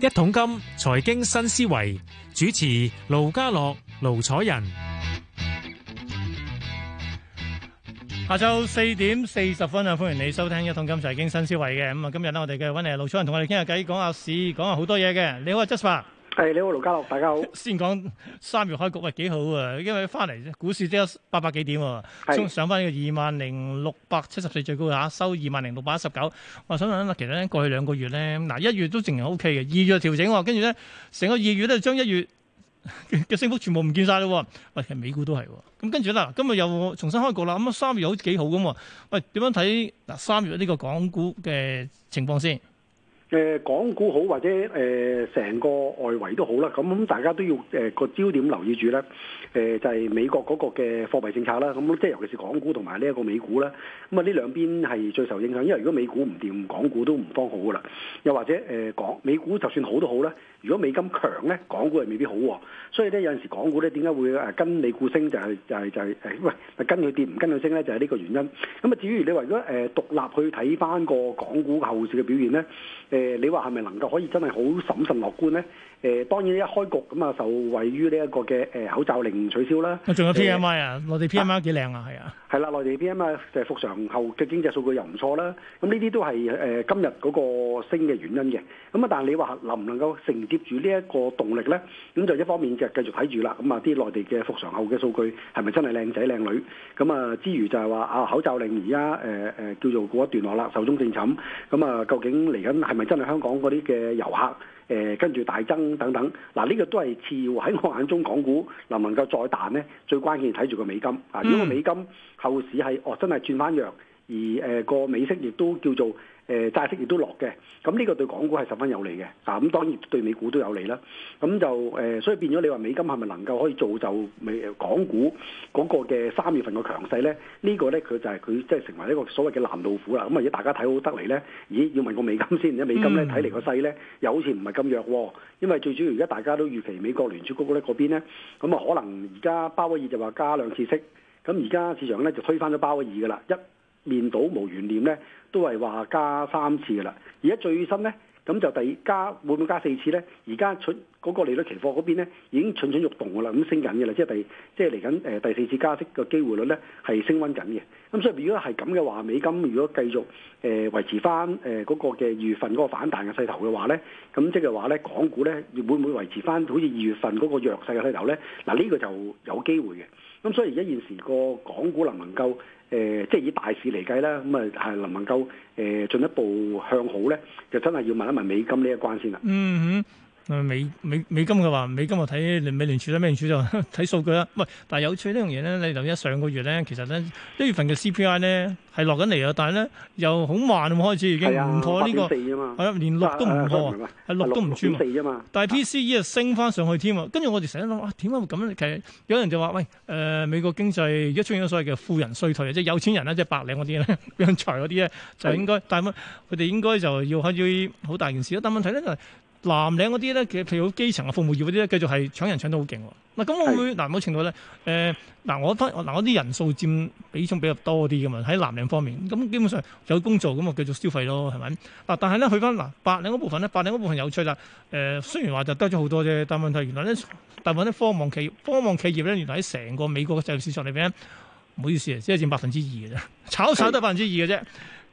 一桶金財經新思維主持盧家樂、盧楚仁，下晝四點四十分啊！歡迎你收聽一桶金財經新思維嘅咁啊！今日咧，我哋繼續搵你盧楚仁同我哋傾下偈，講下市，講下好多嘢嘅。你好啊，Jasper。係你好，盧家豪。大家好。 先講三月開局係幾好啊？因為翻嚟，股市都有八百幾點，是上翻呢個二萬零六百七十四最高價，收二萬零六百一十九。我想問一問，其實咧過去兩個月咧，嗱一月都仍然 O K 嘅，二月調整，跟住咧成個二月咧將一月嘅升幅全部唔見晒啦。喂、哎，係美股都係。咁跟住啦，今日又重新開局啦。咁啊，三月好似幾好咁。喂、哎，點樣睇嗱三月呢個港股嘅情況先？誒、呃、港股好或者誒成、呃、個外圍都好啦，咁、嗯、大家都要誒個、呃、焦點留意住咧。誒、呃、就係、是、美國嗰個嘅貨幣政策啦，咁即係尤其是港股同埋呢一個美股啦。咁啊呢兩邊係最受影響，因為如果美股唔掂，港股都唔方好噶啦。又或者誒、呃、港美股就算好都好啦。如果美金強咧，港股係未必好喎。所以咧，有陣時港股咧點解會誒跟美股升就係就係就係誒喂，跟佢跌唔跟佢升咧，就係呢個原因。咁啊，至於你話如果誒獨立去睇翻個港股後市嘅表現咧，誒你話係咪能夠可以真係好審慎樂觀咧？誒當然一開局咁啊，受惠於呢一個嘅誒口罩令取消啦。我仲有 P M I 啊，內地 P M I 幾靚啊，係啊，係啦，內地 P M I 就係復常後嘅經濟數據又唔錯啦。咁呢啲都係誒今日嗰個升嘅原因嘅。咁啊，但係你話能唔能夠成？接住呢一個動力呢，咁就一方面就繼續睇住啦。咁啊，啲內地嘅復常後嘅數據係咪真係靚仔靚女？咁啊之餘就係話啊口罩令而家誒誒叫做過一段落啦，壽終正寢。咁啊，究竟嚟緊係咪真係香港嗰啲嘅遊客誒、呃、跟住大增等等？嗱、啊、呢、這個都係次要。喺我眼中，港股能唔能夠再彈呢？最關鍵睇住個美金。啊，如果個美金後市係哦真係轉翻弱，而誒個、呃、美息亦都叫做。誒債、呃、息亦都落嘅，咁、嗯、呢、這個對港股係十分有利嘅，嗱、啊、咁、嗯、當然對美股都有利啦。咁、嗯、就誒、呃，所以變咗你話美金係咪能夠可以造就美、呃、港股嗰個嘅三月份強勢呢、這個強勢咧？呢個咧佢就係佢即係成為一個所謂嘅藍老虎啦。咁、嗯、啊，而家大家睇好得嚟咧，咦？要問個美金先，而家美金咧睇嚟個勢咧又好似唔係咁弱，因為最主要而家大家都預期美國聯儲局咧嗰邊咧，咁啊、嗯、可能而家鮑威爾就話加兩次息，咁而家市場咧就推翻咗鮑威爾噶啦，一面倒無懸念咧。都係話加三次嘅啦，而家最新咧，咁就第二加會唔會加四次咧？而家蠢嗰個利率期貨嗰邊咧，已經蠢蠢欲動嘅啦，咁升緊嘅啦，即係第即係嚟緊誒第四次加息嘅機會率咧，係升溫緊嘅。咁所以如果係咁嘅話，美金如果繼續誒、呃、維持翻誒嗰個嘅二月份嗰個反彈嘅勢頭嘅話咧，咁即係話咧，港股咧會唔會維持翻好似二月份嗰個弱勢嘅勢頭咧？嗱，呢個就有機會嘅。咁所以而家現時個港股能唔能夠？誒、呃，即係以大市嚟計啦，咁啊係能唔能夠誒進一步向好咧？就真係要問一問美金呢一關先啦。嗯哼。美美美金嘅話，美金我睇美聯儲咧，美聯儲就睇數據啦。喂，但係有趣呢樣嘢咧，你留意一上個月咧，其實咧一月份嘅 CPI 咧係落緊嚟啊，但係咧又好慢咁開始，已經唔妥呢個係啊，連六 6, 都唔妥 6. 4 啊，係六都唔轉四。但係 PCE 啊，升翻上去添啊，跟住我哋成日諗啊，點解會咁咧？其實有人就話喂誒、呃，美國經濟而家出現咗所謂嘅富人衰退，即係有錢人咧，即係白領嗰啲咧，搵財嗰啲咧，就應該的的但係佢哋應該就要開始好大件事，但問題咧就係。藍領嗰啲咧，其實譬如好基層啊、服務業嗰啲咧，繼續係搶人搶得好勁喎。嗱咁我會嗱某是程度咧，誒、呃、嗱我得嗱我啲人數佔比重比較多啲嘅嘛，喺藍領方面。咁基本上有工做咁啊，繼續消費咯，係咪？嗱但係咧去翻嗱白領嗰部分咧，白領嗰部分有趣啦。誒、呃、雖然話就得咗好多啫，但問題原來咧，大部分啲科網企業、科網企業咧，原來喺成個美國嘅製造市場裏邊，唔好意思啊，只係佔百分之二嘅啫， 炒炒得百分之二嘅啫。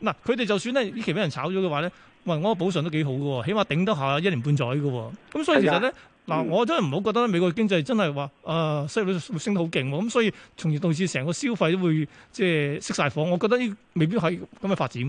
嗱佢哋就算咧呢期俾人炒咗嘅話咧。喂，我個補償都幾好嘅喎，起碼頂得下一年半載嘅喎。咁所以其實咧，嗱，嗯、我真係唔好覺得美國經濟真係話誒，息、呃、率會升得好勁。咁所以從而導致成個消費都會即係熄晒火。我覺得呢未必係咁嘅發展。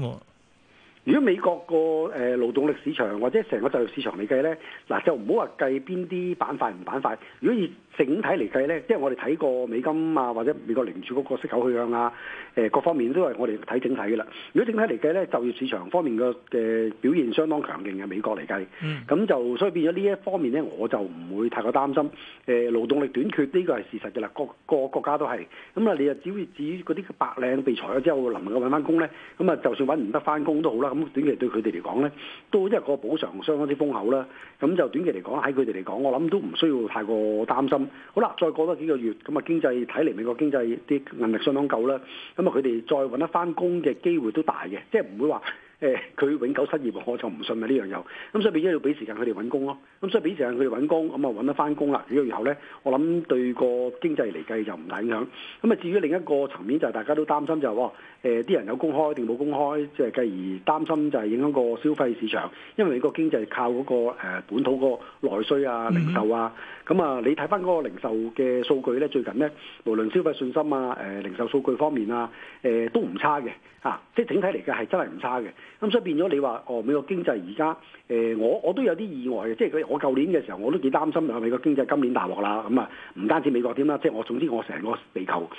如果美國個誒勞動力市場或者成個就業市場嚟計咧，嗱就唔好話計邊啲板塊唔板塊。如果以整體嚟計咧，即係我哋睇過美金啊，或者美國聯儲嗰個息口去向啊，誒各方面都係我哋睇整體嘅啦。如果整體嚟計咧，就業市場方面嘅嘅表現相當強勁嘅美國嚟計，咁、嗯、就所以變咗呢一方面咧，我就唔會太過擔心。誒勞動力短缺呢個係事實嘅啦，各個國家都係。咁啊，你啊只會至於嗰啲白領被裁咗之後能唔能夠揾翻工咧，咁啊就算揾唔得翻工都好啦，咁短期對佢哋嚟講咧，都因為個補償相當之豐厚啦。咁就短期嚟講喺佢哋嚟講，我諗都唔需要太過擔心。嗯、好啦，再過多幾個月，咁、嗯、啊經濟睇嚟，美國經濟啲能力相當夠啦，咁啊佢哋再揾得翻工嘅機會都大嘅，即係唔會話。誒佢、欸、永久失業，我就唔信咪呢樣又咁，所以變咗要俾時間佢哋揾工咯。咁所以俾時間佢哋揾工，咁啊揾得翻工啦。如果以後咧，我諗對個經濟嚟計就唔大影響。咁啊，至於另一個層面就係大家都擔心就係哇，啲、呃、人有公開定冇公開，即係繼而擔心就係影響個消費市場，因為你個經濟靠嗰、那個、呃、本土個內需啊、零售啊。咁啊，你睇翻嗰個零售嘅數據咧，最近咧無論消費信心啊、誒、呃、零售數據方面啊，誒、呃、都唔差嘅啊，即係整體嚟嘅係真係唔差嘅。咁所以變咗你話哦，美國經濟而家誒，我我都有啲意外嘅，即係佢我舊年嘅時候我都幾擔心，美國經濟今年大落啦？咁啊，唔單止美國點啦，即係我總之我成個地球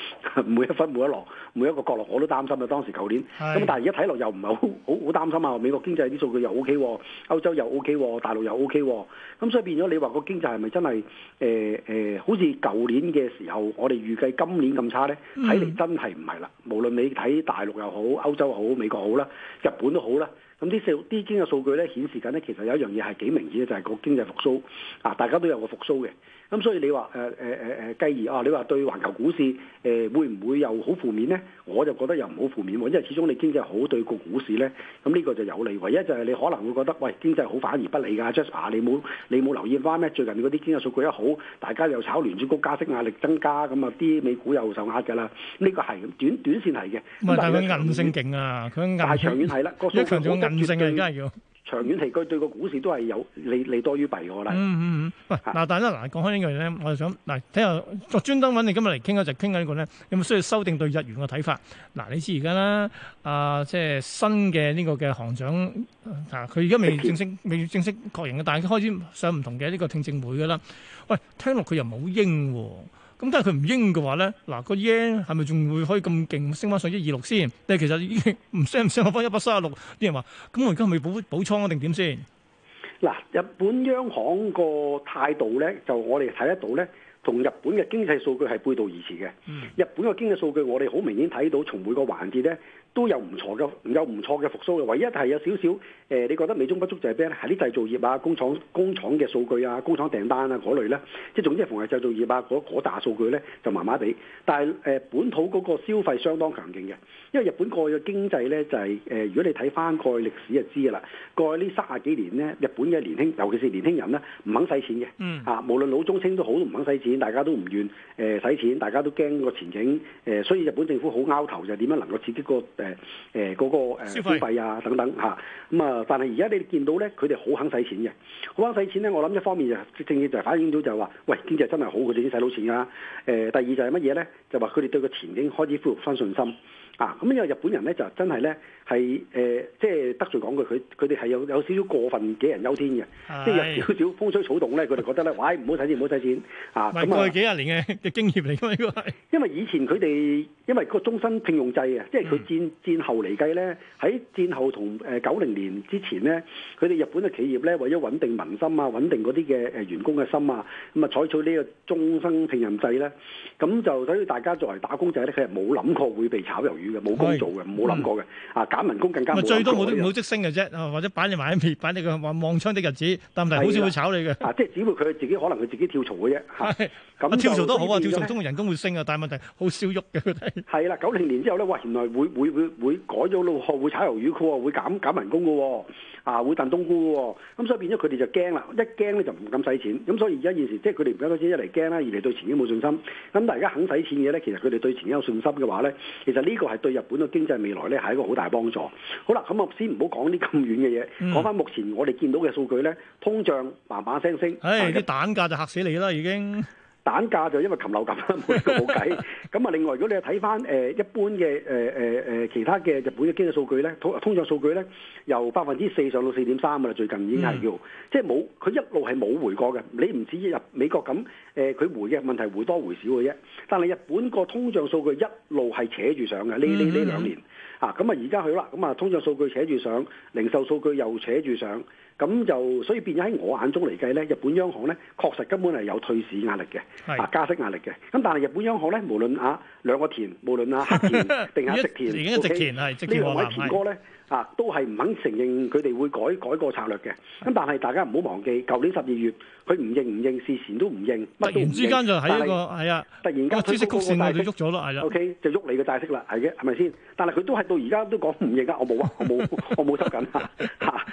每一分每一落每一個角落我都擔心啊！當時舊年咁，是但係而家睇落又唔係好好好擔心啊！美國經濟啲數據又 O K，歐洲又 O K，大陸又 O K，咁所以變咗你話個經濟係咪真係誒誒？好似舊年嘅時候我哋預計今年咁差咧，睇嚟，嗯，真係唔係啦。無論你睇大陸又好，歐洲好，美國好啦，日本都好。好啦，咁啲數啲經嘅數據咧顯示緊咧，其實有一樣嘢係幾明顯嘅，就係個經濟復蘇啊，大家都有個復蘇嘅。咁、嗯、所以你話誒誒誒誒，繼、呃、而、呃呃、啊，你話對環球股市誒、呃、會唔會又好負面咧？我就覺得又唔好負面喎，因為始終你經濟好對個股市咧，咁呢個就有利。唯一就係你可能會覺得，喂，經濟好反而不利㗎。Jasper，你冇你冇留意翻咩？最近嗰啲經濟數據一好，大家又炒聯儲局加息壓力增加，咁啊啲美股又受壓㗎啦。呢、這個係短短線係嘅。咁但係佢韌性勁啊，佢硬係長遠係啦，那個數據好堅嘅。長遠嚟，佢對個股市都係有利，利多於弊嘅我啦。嗯嗯嗯。喂，嗱，大家嗱，講開呢樣咧，我就想，嗱，睇下，我專登揾你今日嚟傾下就係傾緊呢個咧，有冇需要修訂對日元嘅睇法？嗱、嗯，你知而家啦，啊，即係新嘅呢個嘅行長，啊，佢而家未正式， 未正式確認嘅，但係開始上唔同嘅呢個聽證會嘅啦。喂，聽落佢又冇應喎。咁但係佢唔應嘅話咧，嗱、那個 yen 係咪仲會可以咁勁升翻上一二六先？但係其實已經唔升唔升，落翻一百三十六，啲人話：咁我而家係咪補補倉定點先？嗱，日本央行個態度咧，就我哋睇得到咧，同日本嘅經濟數據係背道而馳嘅。日本嘅經濟數據，我哋好明顯睇到，從每個環節咧。都有唔錯嘅，有唔錯嘅復甦嘅。唯一係有少少，誒、呃，你覺得美中不足就係咩咧？係啲製造業啊、工廠、工廠嘅數據啊、工廠訂單啊嗰類咧，即係總之，逢係製造業啊嗰嗰大數據咧就麻麻地。但係誒，本土嗰個消費相當強勁嘅，因為日本過去嘅經濟咧就係、是、誒，如果你睇翻過去歷史就知㗎啦。過去呢三十幾年咧，日本嘅年輕，尤其是年輕人咧，唔肯使錢嘅，嗯啊，無論老中青好都好都唔肯使錢，大家都唔願誒使錢，大家都驚個前景誒，所以日本政府好拗頭就係點樣能夠刺激個。誒誒嗰個誒消費啊等等嚇，咁啊，但係而家你見到咧，佢哋好肯使錢嘅，好肯使錢咧，我諗一方面就正正就係反映到就係話，喂經濟真係好，佢哋先使到錢㗎、啊。誒、呃、第二就係乜嘢咧？就話佢哋對個前景開始恢復翻信心。啊！咁因為日本人咧就真係咧係誒，即係、呃就是、得罪講句，佢佢哋係有有少少過分杞人憂天嘅，即係、哎、有少少風吹草動咧，佢哋覺得咧， 哎啊、喂，唔好使錢，唔好使錢啊！過幾廿年嘅嘅經驗嚟㗎，因為以前佢哋因為個終身聘用制啊，即係佢戰、嗯、戰後嚟計咧，喺戰後同誒九零年之前咧，佢哋日本嘅企業咧為咗穩定民心啊、穩定嗰啲嘅誒員工嘅心啊，咁啊採取呢個終身聘任制咧，咁就對於大家作為打工仔咧，佢係冇諗過會被炒魷魚。冇工做嘅，冇諗是過嘅。嗯、啊，揀民工更加冇，最多冇得冇職升嘅啫，或者擺你埋喺邊，擺你個話望窗啲日子，的但係好少會炒你嘅。啊，即係只會佢自己可能佢自己跳槽嘅啫。的咁跳槽都好啊，跳成功人工會升啊，但係問題好少喐嘅。係啦，九零年之後咧，哇，原來會會會會改咗路學會炒魷魚庫，佢話會減減人工嘅喎，啊會燉冬菇嘅喎，咁、啊啊、所以變咗佢哋就驚啦，一驚咧就唔敢使錢，咁、啊、所以而家現時即係佢哋而家開始一嚟驚啦，二嚟對前景冇信心。咁、啊、但係而家肯使錢嘅咧，其實佢哋對前景有信心嘅話咧，其實呢個係對日本嘅經濟未來咧係一個好大幫助。好啦，咁、啊、我先唔好講啲咁遠嘅嘢，講翻目前我哋見到嘅數據咧，通脹慢慢聲升，啲、嗯是哎、蛋價就嚇死你啦已經。蛋價就因為禽流感啦，冇計。咁啊，另外如果你睇翻誒一般嘅誒誒誒其他嘅日本嘅經濟數據咧，通通脹數據咧由百分之四上到四點三㗎啦，最近已經係叫，嗯、即係冇佢一路係冇回過嘅。你唔似入美國咁誒，佢回嘅問題回多回少嘅啫。但係日本個通脹數據一路係扯住上嘅，呢呢呢兩年啊，咁啊而家去啦，咁啊通脹數據扯住上，零售數據又扯住上。咁就所以變咗喺我眼中嚟計咧，日本央行咧確實根本係有退市壓力嘅，啊加息壓力嘅。咁但係日本央行咧，無論啊兩個田，無論啊黑田定啊植田，田呢兩位田哥咧啊都係唔肯承認佢哋會改改個策略嘅。咁但係大家唔好忘記，舊年十二月佢唔認唔認事前都唔認，突然之間就喺一個係啊突然間推佢喐咗啦，係 OK 就喐你個債息啦，係嘅，係咪先？但係佢都係到而家都講唔認啊，我冇啊，我冇，我冇收緊啊。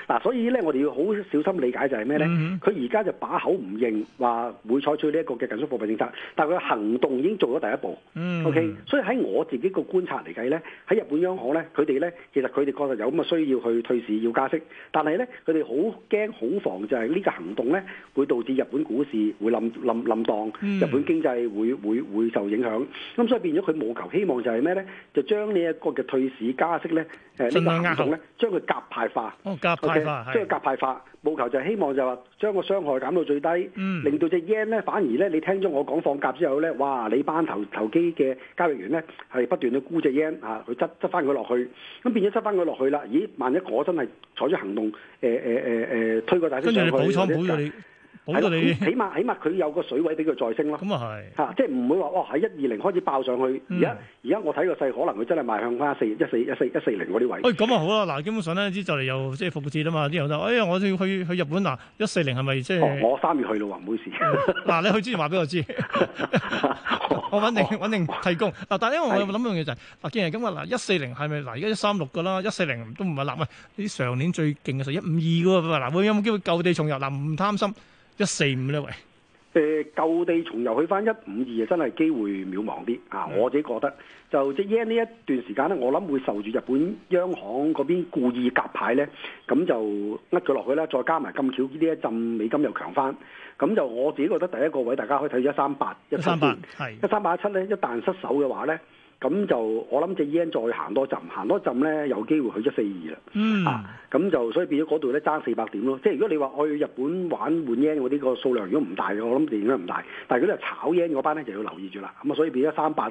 嗱，所以咧，我哋要好小心理解就係咩咧？佢而家就把口唔認，話會採取呢一個嘅緊縮貨幣政策，但係佢行動已經做咗第一步。Mm hmm. O.K.，所以喺我自己個觀察嚟計咧，喺日本央行咧，佢哋咧其實佢哋確實有咁嘅需要去退市、要加息，但係咧佢哋好驚、好防就係呢個行動咧會導致日本股市會冧冧冧檔，mm hmm. 日本經濟會會會受影響。咁所以變咗佢冇求希望就係咩咧？就將呢一個嘅退市加息咧，誒、呃、呢、那個行動咧，將佢夾派化。嗯、即係夾派法，務求就係希望就話將個傷害減到最低，嗯、令到隻 yen 咧反而咧，你聽咗我講放夾之後咧，哇！你班投投機嘅交易員咧係不斷去沽隻 yen 啊，去執執翻佢落去，咁變咗執翻佢落去啦。咦？萬一我真係採取行動，誒誒誒誒推個大，跟上去。保倉本你。係咯，起碼起碼佢有個水位俾佢再升咯。咁啊係，嚇，即係唔會話哇喺一二零開始爆上去。而家而家我睇個勢，可能佢真係邁向翻一四一四一四一四零嗰啲位。喂，咁啊好啦，嗱，基本上咧啲就嚟又即係復活節啦嘛，啲友都，哎呀，我要去去日本嗱，一四零係咪即係？我三月去咯喎，唔好意思。嗱，你去之前話俾我知，我穩定穩定提供。嗱，但係因為我諗一樣嘢就係，既然今日，咁啊嗱，一四零係咪嗱？而家一三六㗎啦，一四零都唔係喇喂。你上年最勁嘅數一五二嘅喎，嗱會有冇機會舊地重遊？嗱，唔貪心。一四五咧，喂！誒，uh, 舊地重遊去翻一五二啊，真係機會渺茫啲啊！Mm. 我自己覺得，就即係呢一段時間咧，我諗會受住日本央行嗰邊故意夾牌咧，咁就呃咗落去啦。嗯嗯嗯、再加埋咁巧呢一陣美金又強翻，咁就我自己覺得第一個位大家可以睇一三八一七，係一三八一七咧，一旦失守嘅話咧。咁 就我諗，隻 yen 再行多陣，行多陣咧有機會去咗四二啦。嗯，啊， 咁就所以變咗嗰度咧爭四百點咯。即係如果你話我去日本玩換 yen 嗰啲個數量，如果唔大嘅，我諗就應該唔大。但係嗰啲係炒 yen 嗰班咧就要留意住啦。咁啊，所以變咗三百。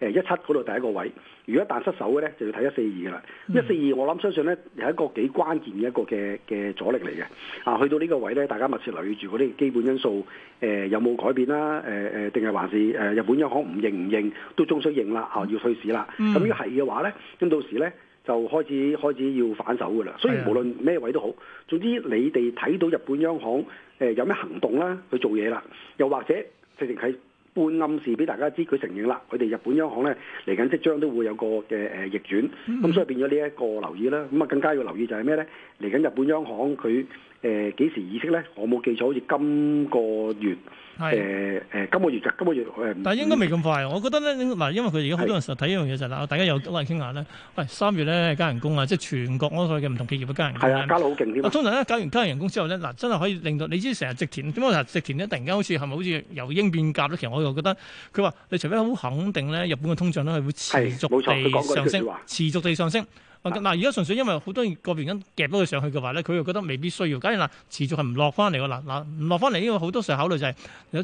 誒一七嗰度第一個位，如果一旦失守嘅咧，就要睇一四二嘅啦。一四二我諗相信咧係一個幾關鍵嘅一個嘅嘅阻力嚟嘅。啊，去到呢個位咧，大家密切留意住嗰啲基本因素，誒、呃、有冇改變啦？誒、呃、誒，定係還是誒、呃、日本央行唔認唔認，都終須認啦。啊、哦，要退市啦。咁、mm. 呢個係嘅話咧，咁到時咧就開始開始要反手嘅啦。所以無論咩位都好，總之你哋睇到日本央行誒有咩行動啦，去做嘢啦，又或者最近睇。半暗示俾大家知，佢承認啦，佢哋日本央行咧嚟緊即將都會有個嘅誒、呃、逆轉，咁、嗯、所以變咗呢一個留意啦。咁啊，更加要留意就係咩咧？嚟緊日本央行佢誒幾時議息咧？我冇記錯，好似今個月，誒、呃、誒今個月就今個月誒。呃、但係應該未咁快，我覺得咧，嗱，因為佢哋而家好多人成日睇一樣嘢就啦，是大家又攞嚟傾下咧。喂，三月咧加人工啊，即係全國所有嘅唔同企業都加人工，加得好勁，通常咧，搞完加人工之後咧，嗱真係可以令到你知成日植田，點解話植田咧突然間好似係咪好似由鷹變鴿咧？其實我。就覺得佢話，你除非好肯定咧，日本嘅通脹咧係會持續地上升，持續地上升。嗱、啊，而家純粹因為好多人個原因夾到佢上去嘅話咧，佢又覺得未必需要。假如嗱持續係唔落翻嚟喎，嗱嗱唔落翻嚟，呢個好多時候考慮就係、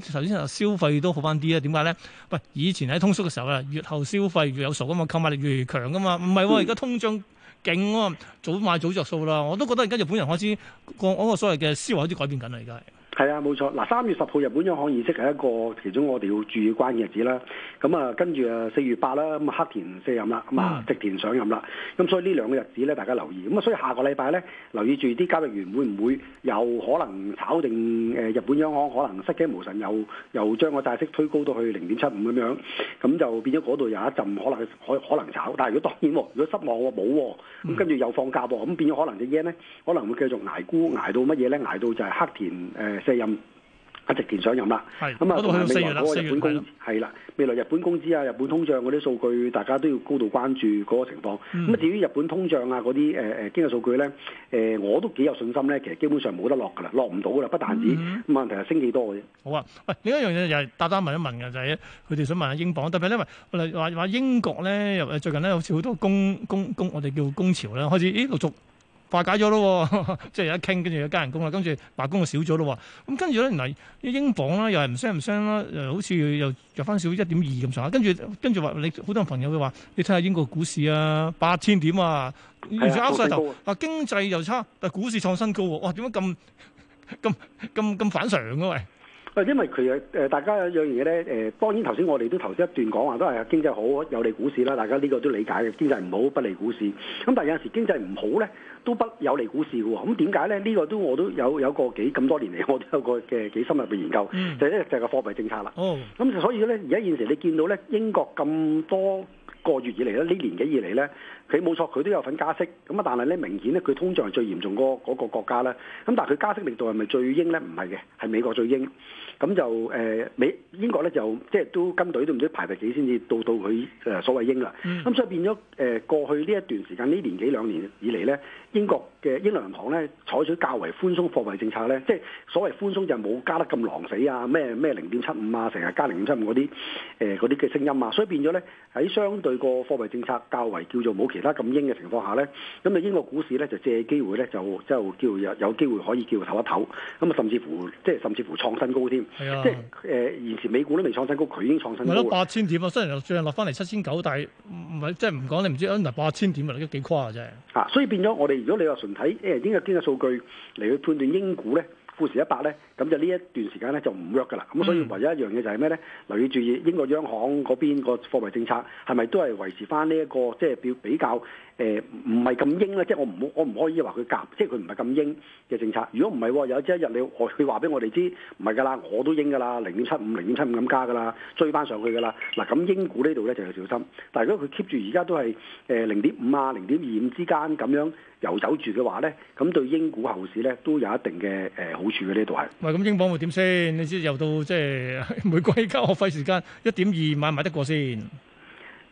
是，頭先話消費都好翻啲啊。點解咧？喂，以前喺通縮嘅時候啊，越後消費越有數啊嘛，購買力越嚟越強噶嘛。唔係喎，而家通脹勁喎，嗯、早買早着數啦。我都覺得而家日本人開始個嗰個所謂嘅思維開始改變緊啦，而家。係啊，冇錯。嗱，三月十號日本央行議息係一個其中我哋要注意嘅關鍵日子啦。咁啊，跟住啊四月八啦，咁啊黑田卸任啦，咁啊的直田上任啦。咁所以呢兩個日子咧，大家留意。咁啊，所以下個禮拜咧，留意住啲交易員會唔會又可能炒定？誒，日本央行可能失驚無神又，又又將個債息推高到去零點七五咁樣。咁就變咗嗰度有一陣可能可可能炒。但係如果當然喎，如果失望喎冇喎，咁跟住又放假噃，咁變咗可能隻 yen 咧可能會繼續捱沽捱到乜嘢咧？捱到就係黑田誒。呃就任一直健上任啦，咁啊，未來日本工，係啦，未來日本工資啊，日本通脹嗰啲數據，大家都要高度關注嗰個情況。咁啊、嗯，至於日本通脹啊嗰啲誒誒經濟數據咧，誒、呃、我都幾有信心咧，其實基本上冇得落㗎啦，落唔到㗎啦，不但止，咁啊、嗯、問題係升幾多嘅啫。好啊，喂，另一樣嘢又係答答問一問嘅，就係佢哋想問下英鎊，特別因為話話英國咧，又最近咧，好似好多工工工，我哋叫工潮咧，開始，咦，陸續。化解咗咯，即係一傾，跟住一加人工啦，跟住罷工就少咗咯。咁跟住咧，原來英鎊啦，又係唔升唔升啦，又好似又入翻少一點二咁上下。跟住跟住話，你好多朋友會話，你睇下英國股市啊，八千點啊，完全凹曬頭。啊的，經濟又差，但係股市創新高喎。哇，點解咁咁咁咁反常啊？喂！啊，因為其實誒大家有一樣嘢咧，誒當然頭先我哋都頭先一段講話，都係經濟好有利股市啦。大家呢個都理解嘅，經濟唔好不利股市。咁但係有陣時經濟唔好咧。都不有利股市噶喎，咁點解咧？呢、這個都我都有有個幾咁多年嚟，我都有個嘅幾深入嘅研究，嗯、就係呢隻嘅貨幣政策啦。咁就、哦、所以咧，而家現時你見到咧，英國咁多個月以嚟咧，呢年幾年以嚟咧。佢冇錯，佢都有份加息，咁啊，但係咧明顯咧，佢通脹係最嚴重個嗰個國家咧。咁但係佢加息力度係咪最鷹咧？唔係嘅，係美國最鷹。咁就誒美、呃、英國咧就即係都跟隊，都唔知排第幾先至到到佢誒、呃、所謂鷹啦。咁、嗯嗯、所以變咗誒、呃、過去呢一段時間呢年幾兩年以嚟咧，英國嘅英倫銀行咧採取較為寬鬆貨幣政策咧，即係所謂寬鬆就冇加得咁狼死啊咩咩零點七五啊，成日、啊、加零點七五嗰啲誒嗰啲嘅聲音啊，所以變咗咧喺相對個貨幣政策較為叫做冇。其他咁英嘅情況下咧，咁啊英國股市咧就借機會咧就即係叫有有機會可以叫佢唞一唞，咁啊甚至乎即係甚至乎創新高添，即係誒、呃、現時美股都未創新高，佢已經創新高。咪咯八千點啊，雖然落最近落翻嚟七千九，但係唔係即係唔講你唔知啊，嗱八千點咪都幾誇啊真係。所以變咗我哋，如果你話純睇誒英國經濟數據嚟去判斷英股咧。富時一百咧，咁就呢一段時間咧就唔 work 噶啦。咁所以唯一一樣嘢就係咩咧？留意注意英國央行嗰邊個貨幣政策係咪都係維持翻呢一個即係比比較誒唔係咁鷹咧？即係一般言我唔我唔可以話佢夾，即係佢唔係咁鷹嘅政策。如果唔係有朝一日你佢話俾我哋知唔係㗎啦，我都鷹㗎啦，零點七五零點七五咁加㗎啦，追翻上去㗎啦。嗱，咁英股呢度咧就要小心。但係如果佢 keep 住而家都係誒零點五啊零點二五之間咁樣游走住嘅話咧，咁對英股後市咧都有一定嘅誒好。呃住嘅、嗯、呢度係，唔咁英鎊會點先？你知又到即係每個月交學費時間一點二買唔買得過先？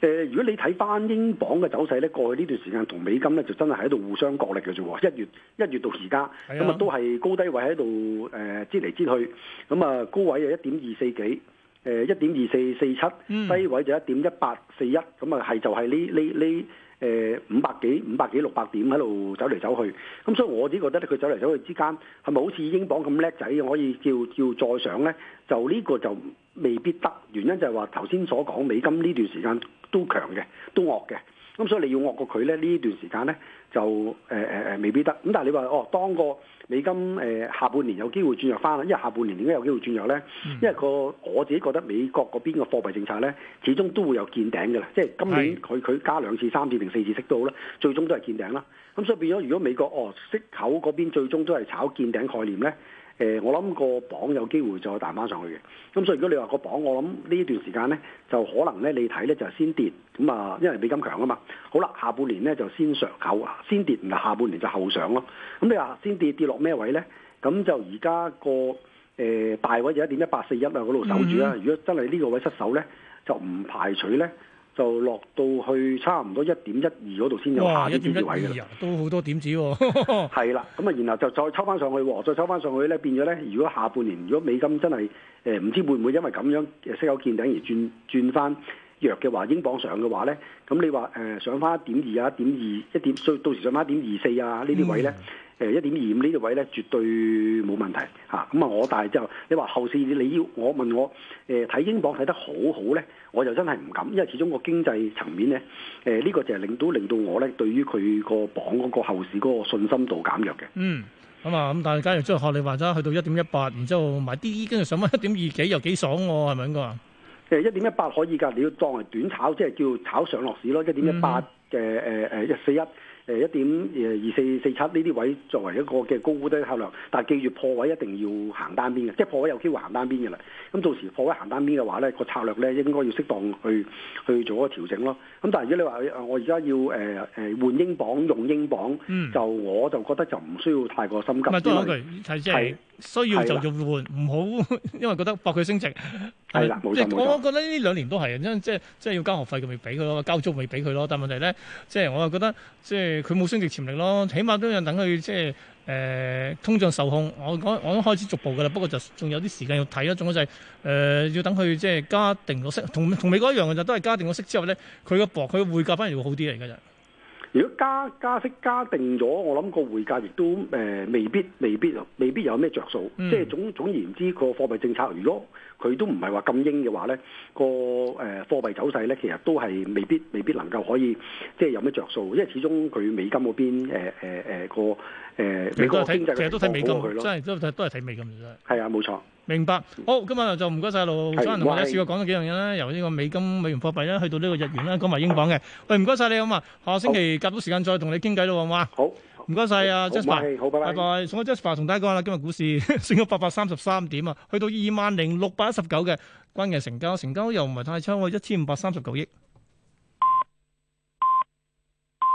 誒，如果你睇翻英鎊嘅走勢咧，過去呢段時間同美金咧就真係喺度互相角力嘅啫。一月一月到而家，咁啊都係高低位喺度誒，即嚟即去，咁啊高位啊一點二四幾，誒一點二四四七，低位 41, 就一點一八四一，咁啊係就係呢呢呢。誒五百幾五百幾六百點喺度走嚟走去，咁所以我只覺得佢走嚟走去之間係咪好似英鎊咁叻仔可以叫叫再上呢？就呢個就未必得，原因就係話頭先所講美金呢段時間都強嘅，都惡嘅。咁所以你要惡過佢咧，呢段時間咧就誒誒誒未必得。咁但係你話哦，當個美金誒、呃、下半年有機會轉弱返啦，因為下半年點解有機會轉弱咧？嗯、因為個我自己覺得美國嗰邊個貨幣政策咧，始終都會有見頂噶啦。即係今年佢佢是的 加兩次、三次定四次息都好啦，最終都係見頂啦。咁、嗯、所以變咗，如果美國哦息口嗰邊最終都係炒見頂概念咧？誒，我諗個榜有機會再彈返上去嘅。咁所以如果你話個榜，我諗呢段時間呢就可能呢，你睇呢就是、先跌，咁啊，因為美金強啊嘛。好啦，下半年呢就先上後，先跌，唔係下半年就後上咯。咁你話先跌跌落咩位呢？咁就而家、那個誒、呃、大位就一點一八四一啊嗰度守住啦。嗯、如果真係呢個位失守呢，就唔排除呢。就落到去差唔多一點一二嗰度先有下一點二位嘅啦、啊，都好多點子喎、哦。係啦，咁啊，然後就再抽翻上去，再抽翻上去咧，變咗咧。如果下半年如果美金真係誒唔知會唔會因為咁樣息口見頂而轉轉翻弱嘅話，英鎊上嘅話咧，咁你話誒、呃、上翻一點二啊，一點二一點，到時上翻一點二四啊，呢啲位咧。嗯誒一點二五呢個位咧，絕對冇問題嚇。咁啊，我但係之後，你話後市你要我問我誒睇、呃、英鎊睇得好好咧，我就真係唔敢，因為始終個經濟層面咧，誒、呃、呢、呢個就係令到令到我咧對於佢個鎊嗰個後市嗰個信心度減弱嘅、嗯。嗯，咁、嗯、啊，咁但係假如即係學你話齋，去到 18, 一點一八，然之後買啲，跟住上翻一點二幾又幾爽喎、啊，係咪咁講？誒一點一八可以㗎，你要作為短炒，即係叫炒上落市咯。一點一八嘅誒誒一四一。誒一點誒二四四七呢啲位作為一個嘅高估低策略，但係記住破位一定要行單邊嘅，即係破位有機會行單邊嘅啦。咁到時破位行單邊嘅話咧，個策略咧應該要適當去去做一個調整咯。咁但係如果你話我而家要誒誒換英鎊用英鎊，嗯、就我就覺得就唔需要太過心急。咪係嗰句，係係需要就要換，唔好因為覺得博佢升值。 嗯、即係錯我即即即即，我覺得呢兩年都係，因為即係即係要交學費，佢咪俾佢咯；交租咪俾佢咯。但係問題咧，即係我又覺得，即係佢冇升值潛力咯。起碼都要等佢即係誒、呃、通脹受控。我我都開始逐步噶啦，不過就仲有啲時間要睇咯。仲就係、是、誒、呃、要等佢即係加定個息，同同美國一樣嘅就都係加定個息之後咧，佢嘅博佢匯價反而會好啲嚟㗎就。如果加加息加定咗，我諗個匯價亦都誒、呃、未必未必未必有咩着數。嗯、即係總總言之，個貨幣政策如果佢都唔係話咁鷹嘅話咧，個誒貨幣走勢咧，其實都係未必未必能夠可以即係有咩着數。因為始終佢美金嗰邊誒誒誒個誒美國經濟嘅放緩咯，佢係即係都睇都係睇美金啫。係啊，冇錯。明白，好，今日就唔該晒路，所同大家試過講咗幾樣嘢啦，由呢個美金、美元貨幣咧，去到呢個日元咧，講埋英鎊嘅，唔該晒你咁啊，下星期夾到時間再同你傾偈咯，好唔好，好，唔該晒啊，Jasper，好拜拜，送咗 Jasper 同大家講啦，今日股市升咗八百三十三點啊，去到二萬零六百一十九嘅，關鍵係成交，成交又唔係太差喎，一千五百三十九億。